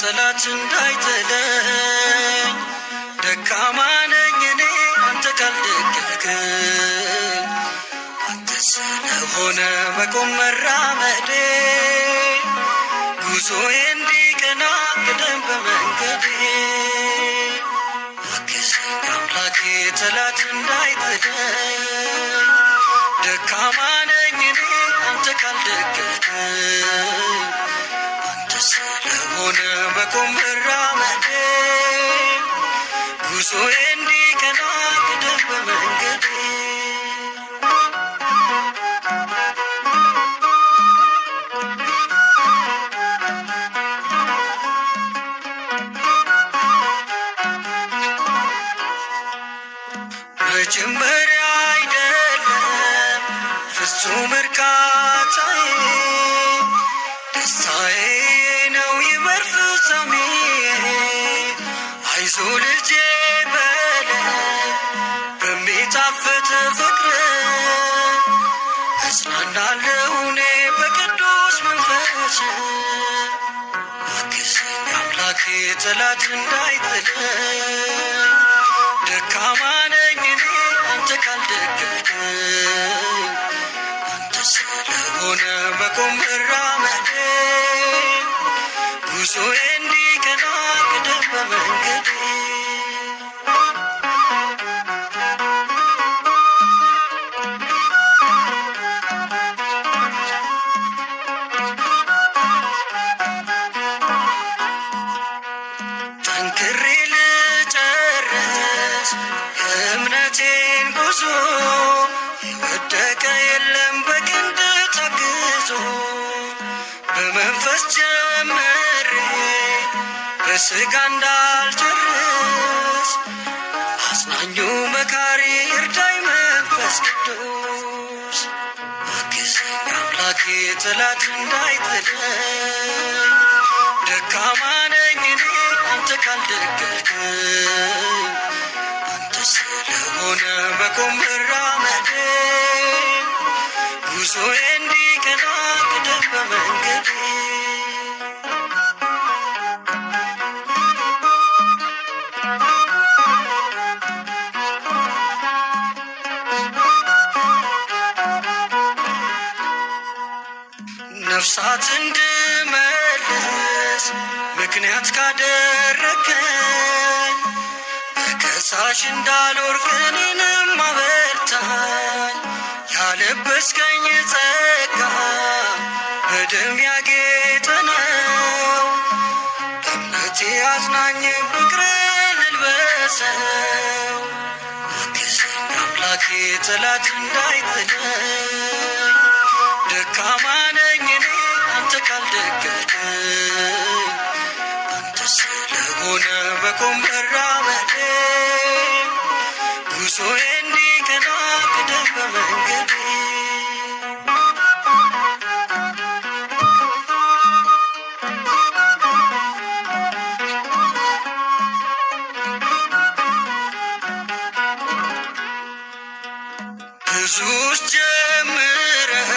ጠላት እንዳይጥለኝ ደካማ ነኝ እኔ አንተ ካልደገፍከኝ አንተ ስለሆነ በቆም መራመዴ ጉዞዬ እንዲቀና ቅደም በመንገዴ አግዘኝ አምላኬ ጠላት እንዳይጥለኝ ደካማ ነኝ እኔ አንተ ካልደገፍከኝ ሆነ በቆም መራመድ ጉዞ እንዲቀና ቅደም በመንገድ መጀመሪያ አይደለም ፍጹም እርካታዬ ደስታዬ እሱ ልጄ በለኝ በሚጣፍጥ ፍቅር እጽናናለሁ እኔ በቅዱስ መንፈስ አግዘኝ አምላክ ጠላት እንዳይጥለኝ ደካማ ነኝ እኔ አንተ ካልደገፍከኝ አንተ ስለሆነ መቆም መራመድ ጉዞዬ እንዲቀና ቅደም በመንገድ በመንፈስ ጀምሬ በስጋ እንዳልጨርስ አጽናኙ መካሪ እርዳይ መንፈስ ቅዱስ አግዘኝ አምላኬ ጠላት እንዳይጥለኝ ደካማ ነኝ እኔ አንተ ካልደገፍከኝ አንተ ስለሆነ ጉዞዬ ነፍሳት እንድመልስ ምክንያት ካደረከኝ በከሳሽ እንዳልወርቅ እኔንም አበርታኝ ያለበስከኝ ደም ያጌጠ ነው እምነት አዝናኝ ፍቅር ልበሰው አግዘኝ አምላኬ ጠላት እንዳይጥለኝ ደካማ ነኝ እኔ አንተ ካልደገፍከኝ አንተ ስለሆነ በቆምበራ መደ ጉዞዬ እንዲቀና ቅደም በመኝ ብዙዎች ጀምረው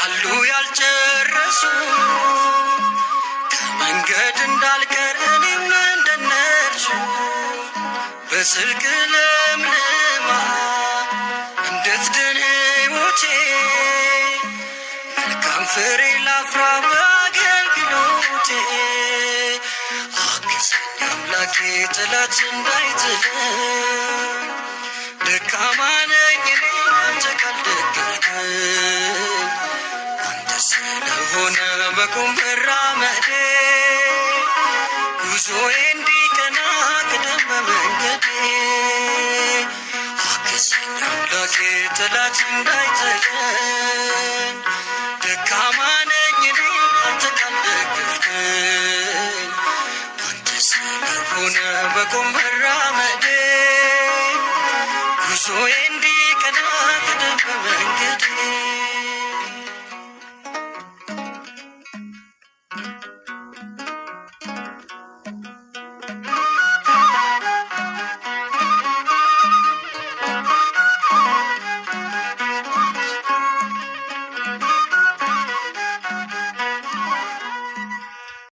አሉ ያልጨረሱ ከመንገድ እንዳልቀር እኔም እንደነርሱ በስልክ ለምልማ እንድትድን ሕይወቴ መልካም ፍሬ ላፍራ በአገልግሎቴ አግዘኝ አምላኬ ጠላት እንዳይጥለኝ ደካማ ነኝ እኔ አንተ ካልደገፍከኝ፣ አንተ ስለሆነ መቆም መራመዴ ጉዞዬ እንዲቀና ቅደም በመንገዴ ደካማ ነኝ እኔ አንተ ካልደገፍከኝ፣ አንተ ስለሆነ መራመዴ እርሱ እንዲቀና በመንገድ